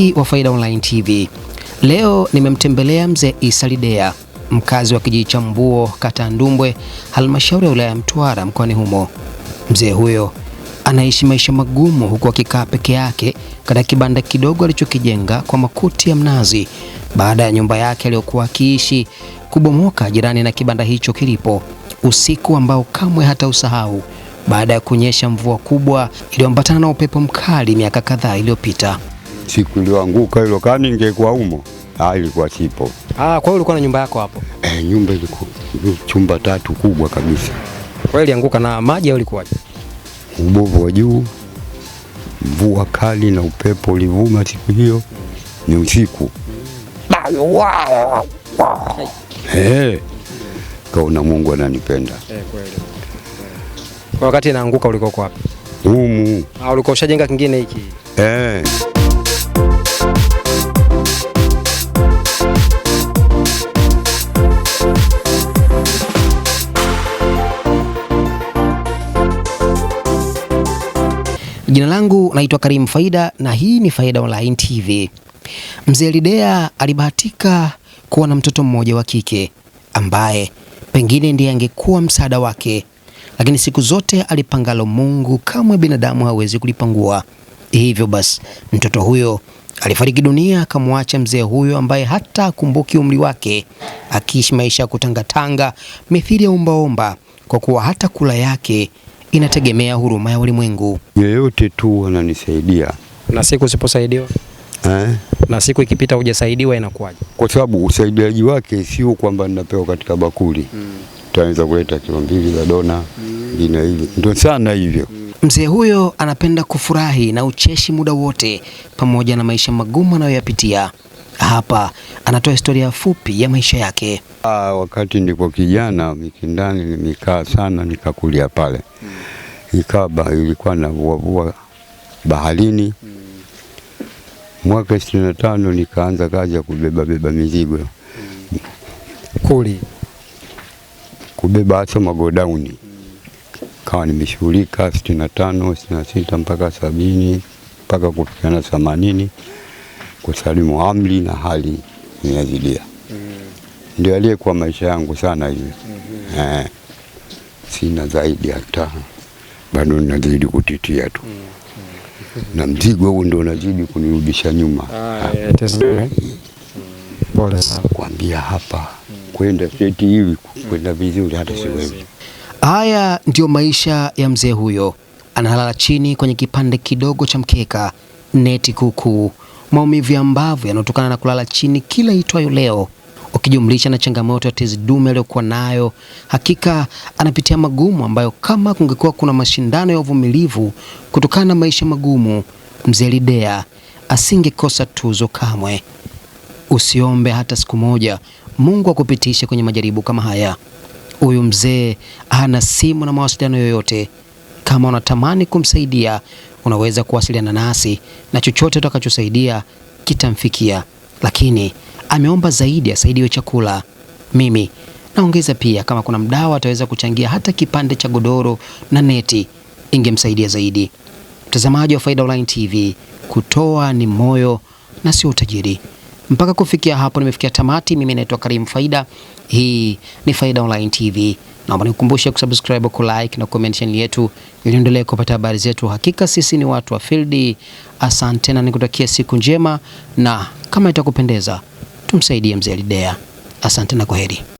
Mtazamaji wa Faida Online TV, leo nimemtembelea mzee Isa Lidea, mkazi wa kijiji cha Mbuo, kata Ndumbwe, halmashauri ya wilaya ya Mtwara mkoani humo. Mzee huyo anaishi maisha magumu, huku akikaa peke yake katika kibanda kidogo alichokijenga kwa makuti ya mnazi, baada ya nyumba yake aliyokuwa akiishi kubomoka jirani na kibanda hicho kilipo, usiku ambao kamwe hata usahau baada ya kunyesha mvua kubwa iliyoambatana na upepo mkali miaka kadhaa iliyopita siku nilioanguka hilo, kani ningekuwa humo ah, ilikuwa sipo. Ah, kwa hiyo ulikuwa na nyumba yako hapo? Eh, nyumba ilikuwa chumba tatu kubwa kabisa. Kwa hiyo ilianguka na maji au ilikuwaje? Ubovu wa juu, mvua kali na upepo ulivuma siku hiyo, ni usiku hey. Eh, kaona Mungu ananipenda eh, Kwa wakati inaanguka ulikuwa wapi? Humu. Ah, ulikuwa ushajenga kingine hiki eh. Jina langu naitwa Karim Faida na hii ni Faida Online TV. Mzee Lidea alibahatika kuwa na mtoto mmoja wa kike ambaye pengine ndiye angekuwa msaada wake, lakini siku zote alipangalo Mungu kamwe binadamu hawezi kulipangua. Hivyo basi mtoto huyo alifariki dunia, akamwacha mzee huyo ambaye hata akumbuki umri wake, akiishi maisha ya kutangatanga mithili ya ombaomba, kwa kuwa hata kula yake inategemea huruma ya ulimwengu. Yeyote tu ananisaidia na siku usiposaidiwa eh? na siku ikipita hujasaidiwa inakuwaje? Kwa sababu usaidiaji wake sio kwamba ninapewa katika bakuli mm. Tutaweza kuleta kilo mbili za dona mm. ina hivi ndio sana hivyo mm. Mzee huyo anapenda kufurahi na ucheshi muda wote, pamoja na maisha magumu anayoyapitia. Hapa anatoa historia fupi ya maisha yake. Aa, ah, wakati nilipo kijana Mikindani nimekaa sana nikakulia pale mm. Ikaba ilikuwa na vuavua baharini. Hmm. Mwaka ishirini na tano nikaanza kazi ya kubeba beba mizigo hmm. kuli kubeba hasa magodauni, hmm. kawa nimeshughulika sitini na tano sitini na sita mpaka sabini mpaka kufikana themanini kusalimu amri na hali inazidia. Ndio aliyekuwa maisha yangu sana hivi, eh, sina zaidi hata bado ninazidi kutitia tu mm, mm. na mzigo huu ndio unazidi kunirudisha nyuma. Ah, ah. Eh? Mm. Pole sana kuambia hapa kwenda seti hivi kwenda vizuri hata siwezi. Haya ndiyo maisha ya mzee huyo, analala chini kwenye kipande kidogo cha mkeka, neti kuku, maumivu ya mbavu yanayotokana na kulala chini kila itwayo leo ukijumlisha na changamoto ya tezi dume aliyokuwa nayo, hakika anapitia magumu ambayo kama kungekuwa kuna mashindano ya uvumilivu kutokana na maisha magumu, mzee Lidea asingekosa tuzo kamwe. Usiombe hata siku moja Mungu akupitishe kwenye majaribu kama haya. Huyu mzee hana simu na mawasiliano yoyote. Kama unatamani kumsaidia, unaweza kuwasiliana nasi na chochote utakachosaidia kitamfikia, lakini ameomba zaidi asaidiwe chakula. Mimi naongeza pia kama kuna mdau ataweza kuchangia hata kipande cha godoro na neti, ingemsaidia zaidi. Mtazamaji wa Faida Online TV, kutoa ni moyo na sio utajiri. Mpaka kufikia hapo nimefikia tamati. Mimi naitwa Karim Faida, hii ni Faida Online TV. Naomba nikukumbushe kusubscribe, like na comment channel yetu ili endelee kupata habari zetu. Hakika sisi ni watu wa field. Asante na nikutakia siku njema, na kama itakupendeza tumsaidie mzee Lidea. Asante na kwaheri.